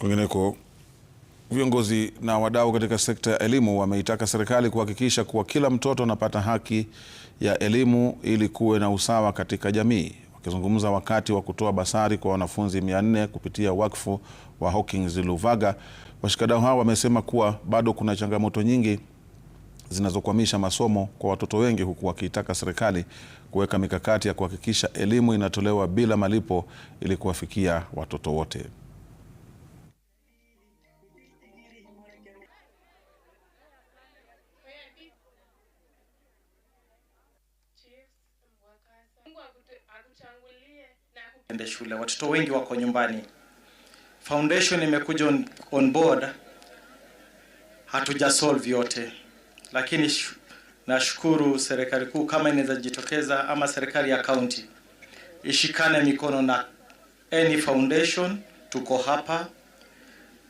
Kwingineko, viongozi na wadau katika sekta ya elimu wameitaka serikali kuhakikisha kuwa kila mtoto anapata haki ya elimu ili kuwe na usawa katika jamii. Wakizungumza wakati wa kutoa basari kwa wanafunzi 400 kupitia wakfu wa Hawkins Luvaga, washikadau hao wamesema kuwa bado kuna changamoto nyingi zinazokwamisha masomo kwa watoto wengi, huku wakiitaka serikali kuweka mikakati ya kuhakikisha elimu inatolewa bila malipo ili kuwafikia watoto wote. ende shule, watoto wengi wako nyumbani. Foundation imekuja on, on board, hatuja solve yote, lakini nashukuru serikali kuu kama inaweza jitokeza ama serikali ya kaunti ishikane mikono na any foundation, tuko hapa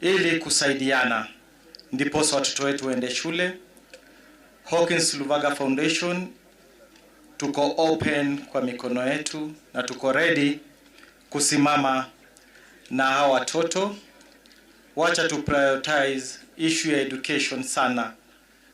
ili kusaidiana, ndiposa watoto wetu waende shule. Hawkins Luvaga Foundation tuko open kwa mikono yetu na tuko ready kusimama na hawa watoto. Wacha tu prioritize issue ya education sana.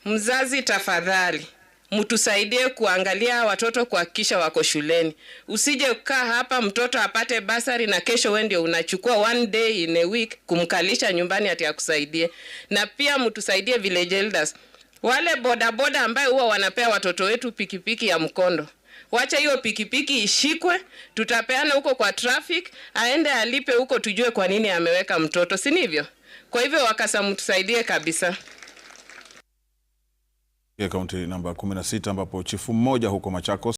Mzazi tafadhali, mtusaidie kuangalia watoto kuhakikisha wako shuleni. Usije kukaa hapa mtoto apate basari na kesho wewe ndio unachukua one day in a week kumkalisha nyumbani ati akusaidie. Na pia mtusaidie village elders wale bodaboda ambaye huwa wanapea watoto wetu pikipiki ya mkondo, wacha hiyo pikipiki ishikwe, tutapeana huko kwa traffic, aende alipe huko, tujue kwa nini ameweka mtoto, si nivyo Kwa hivyo wakasa, mtusaidie kabisa. Kaunti namba 16 ambapo chifu mmoja huko Machakos